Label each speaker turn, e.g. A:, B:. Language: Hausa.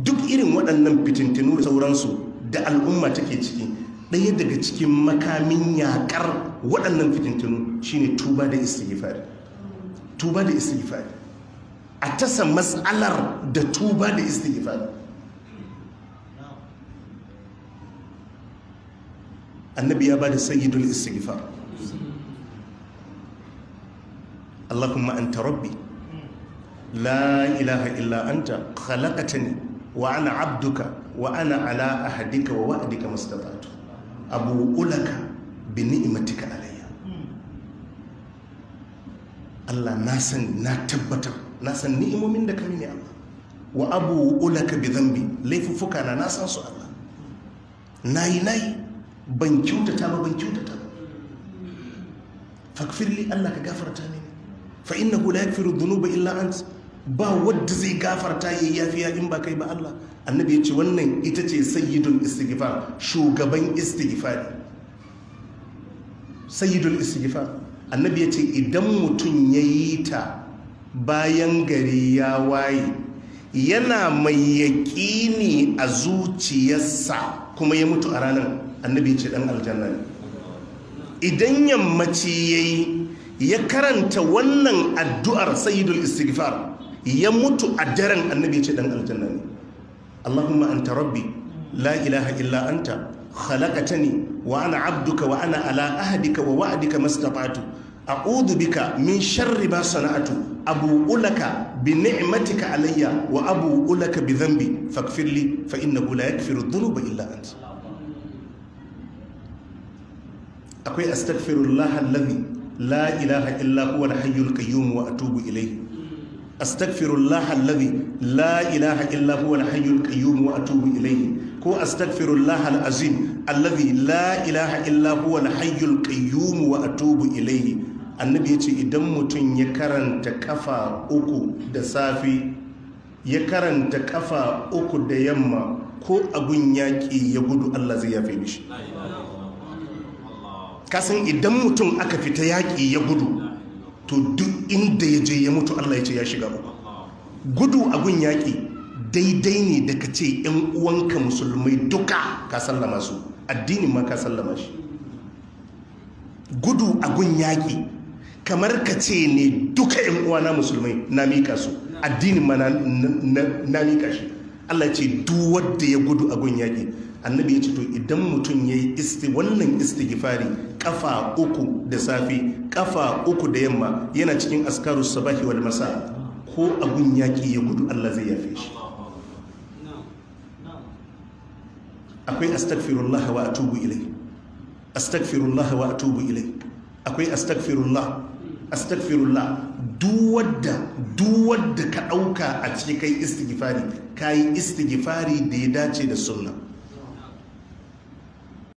A: duk irin waɗannan fitintinu da sauransu da al'umma take ciki ɗaya daga cikin makamin yaƙar waɗannan fitintinu shine tuba da istighfar tuba da istighfar a tasa matsalar da tuba da istighfar annabi ya ba bada sayyidul istighfar Allahumma anta rabbi la ilaha illa anta khalaqtani wa ana abduka wa ana ala ahadika wa wa'adika mastata'tu abu ulaka bi ni'matika alayya Allah na san na tabbatar na san ni'imomin da kami ne Allah wa abu ulaka bi dhanbi laifufuka na na san su Allah nayi nayi ban kyautata ba ban kyautata ba fakfirli Allah ka gafarta mini fa innahu la yaghfiru dhunuba illa anta ba wadda zai gafarta ya yafiya in ba kai ba Allah annabi ya ce wannan ita ce sayyidul istighfar shugaban ne. sayyidul istighfar annabi ya ce idan mutum ya yi ta bayan gari ya waye yana mai yaƙini a zuciyarsa kuma ya mutu a ranar annabi ce ɗan aljanna ne idan yammaci ya yi ya karanta wannan addu'ar sayidul istighfar ya mutu a daren annabi ce dan aljanna ne Allahumma anta rabbi la ilaha illa anta khalaqtani wa ana abduka wa ana ala ahdika wa wa'dika mastata'tu a'udhu bika min sharri ma sana'tu abu ulaka bi ni'matika alayya wa abu ulaka bi dhanbi faghfirli fa innahu la yaghfiru dhunuba illa anta akwai astaghfirullah alladhi la ilaha illa huwa al-hayyul qayyum wa atubu ilayhi astaghfirullah allazi la ilaha illa huwa al-hayyul qayyum wa atubu ilayhi ko astaghfirullah al-azim allazi la ilaha illa huwa al-hayyul qayyum wa atubu ilayhi annabi ya ce idan mutum ya karanta kafa uku da safi ya karanta kafa uku da yamma ko abun yaƙi ya gudu Allah zai ya yafe mishi kasan idan mutum aka fita yaƙi ya gudu to duk inda ya je ya mutu Allah ya ce ya shiga uku gudu a gun yaƙi daidai ne da ka ce yan uwanka musulmai duka ka sallama su addinin ma ka sallama shi gudu a gun yaƙi kamar ka ce ne duka yan uwana musulmai na mika su addinin ma na mika shi Allah ce duk wanda ya gudu a gun yaƙi annabi ya ce to idan mutum ya yi isti wannan istighfari kafa uku da safe kafa uku da yamma yana cikin askarus sabahi wal masa ko abun yaƙi ya gudu Allah zai yafe shi akwai astaghfirullah wa atubu ilai astaghfirullah wa atubu ilai akwai astaghfirullah astaghfirullah duwadda duwadda ka dauka a cikin kai istighfari kai istighfari da ya dace da sunna